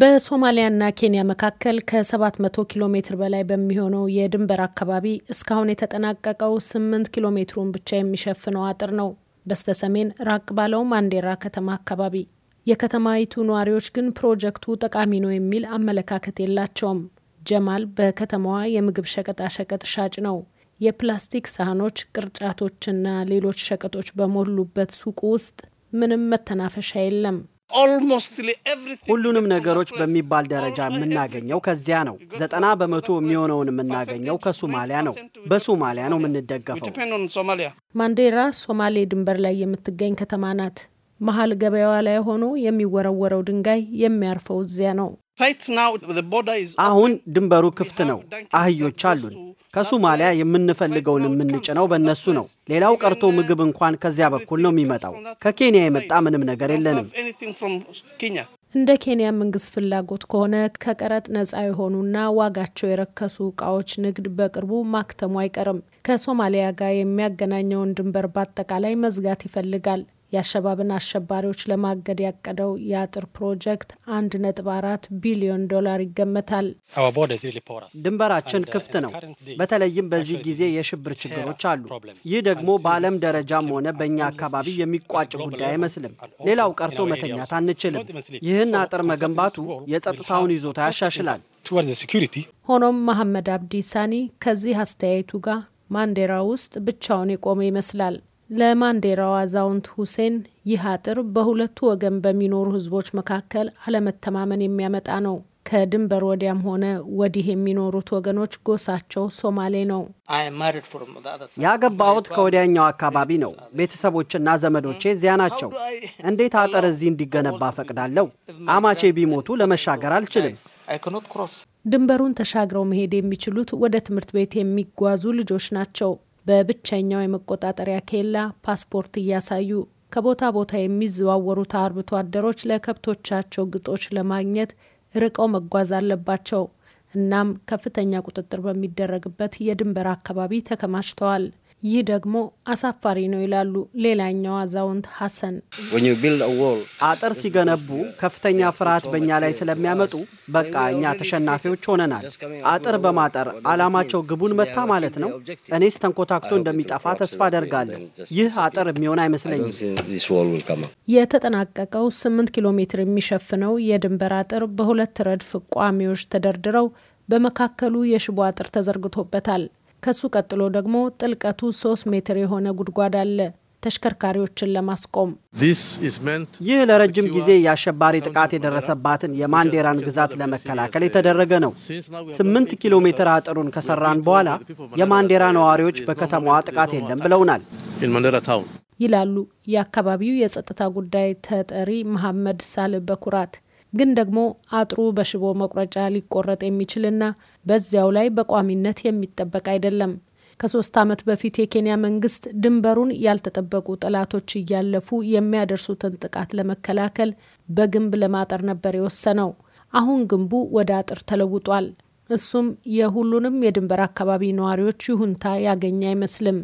በሶማሊያና ኬንያ መካከል ከ700 ኪሎ ሜትር በላይ በሚሆነው የድንበር አካባቢ እስካሁን የተጠናቀቀው 8 ኪሎ ሜትሩን ብቻ የሚሸፍነው አጥር ነው። በስተ ሰሜን ራቅ ባለው ማንዴራ ከተማ አካባቢ የከተማይቱ ነዋሪዎች ግን ፕሮጀክቱ ጠቃሚ ነው የሚል አመለካከት የላቸውም። ጀማል በከተማዋ የምግብ ሸቀጣሸቀጥ ሻጭ ነው። የፕላስቲክ ሳህኖች፣ ቅርጫቶችና ሌሎች ሸቀጦች በሞሉበት ሱቁ ውስጥ ምንም መተናፈሻ የለም። ሁሉንም ነገሮች በሚባል ደረጃ የምናገኘው ከዚያ ነው። ዘጠና በመቶ የሚሆነውን የምናገኘው ከሶማሊያ ነው። በሶማሊያ ነው የምንደገፈው። ማንዴራ ሶማሌ ድንበር ላይ የምትገኝ ከተማ ናት። መሀል ገበያዋ ላይ ሆኖ የሚወረወረው ድንጋይ የሚያርፈው እዚያ ነው። አሁን ድንበሩ ክፍት ነው። አህዮች አሉን። ከሱማሊያ የምንፈልገውን የምንጭነው በእነሱ ነው። ሌላው ቀርቶ uh, ምግብ እንኳን ከዚያ በኩል ነው የሚመጣው። ከኬንያ የመጣ ምንም ነገር የለንም። እንደ ኬንያ መንግስት ፍላጎት ከሆነ ከቀረጥ ነጻ የሆኑና ዋጋቸው የረከሱ እቃዎች ንግድ በቅርቡ ማክተሙ አይቀርም። ከሶማሊያ ጋር የሚያገናኘውን ድንበር በአጠቃላይ መዝጋት ይፈልጋል። የአሸባብን አሸባሪዎች ለማገድ ያቀደው የአጥር ፕሮጀክት 1.4 ቢሊዮን ዶላር ይገመታል። ድንበራችን ክፍት ነው። በተለይም በዚህ ጊዜ የሽብር ችግሮች አሉ። ይህ ደግሞ በዓለም ደረጃም ሆነ በእኛ አካባቢ የሚቋጭ ጉዳይ አይመስልም። ሌላው ቀርቶ መተኛት አንችልም። ይህን አጥር መገንባቱ የጸጥታውን ይዞታ ያሻሽላል። ሆኖም መሐመድ አብዲሳኒ ከዚህ አስተያየቱ ጋር ማንዴራ ውስጥ ብቻውን የቆመ ይመስላል። ለማንዴራው አዛውንት ሁሴን ይህ አጥር በሁለቱ ወገን በሚኖሩ ህዝቦች መካከል አለመተማመን የሚያመጣ ነው። ከድንበር ወዲያም ሆነ ወዲህ የሚኖሩት ወገኖች ጎሳቸው ሶማሌ ነው። ያገባሁት ከወዲያኛው አካባቢ ነው። ቤተሰቦችና ዘመዶቼ እዚያ ናቸው። እንዴት አጥር እዚህ እንዲገነባ ፈቅዳለሁ? አማቼ ቢሞቱ ለመሻገር አልችልም። ድንበሩን ተሻግረው መሄድ የሚችሉት ወደ ትምህርት ቤት የሚጓዙ ልጆች ናቸው። በብቸኛው የመቆጣጠሪያ ኬላ ፓስፖርት እያሳዩ ከቦታ ቦታ የሚዘዋወሩት አርብቶ አደሮች ለከብቶቻቸው ግጦች ለማግኘት ርቀው መጓዝ አለባቸው። እናም ከፍተኛ ቁጥጥር በሚደረግበት የድንበር አካባቢ ተከማችተዋል። ይህ ደግሞ አሳፋሪ ነው ይላሉ ሌላኛው አዛውንት ሀሰን። አጥር ሲገነቡ ከፍተኛ ፍርሃት በእኛ ላይ ስለሚያመጡ በቃ እኛ ተሸናፊዎች ሆነናል። አጥር በማጠር አላማቸው ግቡን መታ ማለት ነው። እኔስ ተንኮታክቶ እንደሚጠፋ ተስፋ አደርጋለሁ። ይህ አጥር የሚሆን አይመስለኝም። የተጠናቀቀው ስምንት ኪሎ ሜትር የሚሸፍነው የድንበር አጥር በሁለት ረድፍ ቋሚዎች ተደርድረው በመካከሉ የሽቦ አጥር ተዘርግቶበታል። ከሱ ቀጥሎ ደግሞ ጥልቀቱ ሶስት ሜትር የሆነ ጉድጓድ አለ ተሽከርካሪዎችን ለማስቆም። ይህ ለረጅም ጊዜ የአሸባሪ ጥቃት የደረሰባትን የማንዴራን ግዛት ለመከላከል የተደረገ ነው። ስምንት ኪሎ ሜትር አጥሩን ከሰራን በኋላ የማንዴራ ነዋሪዎች በከተማዋ ጥቃት የለም ብለውናል ይላሉ የአካባቢው የጸጥታ ጉዳይ ተጠሪ መሐመድ ሳል በኩራት። ግን ደግሞ አጥሩ በሽቦ መቁረጫ ሊቆረጥ የሚችልና በዚያው ላይ በቋሚነት የሚጠበቅ አይደለም። ከሶስት ዓመት በፊት የኬንያ መንግስት ድንበሩን ያልተጠበቁ ጠላቶች እያለፉ የሚያደርሱትን ጥቃት ለመከላከል በግንብ ለማጠር ነበር የወሰነው። አሁን ግንቡ ወደ አጥር ተለውጧል። እሱም የሁሉንም የድንበር አካባቢ ነዋሪዎች ይሁንታ ያገኘ አይመስልም።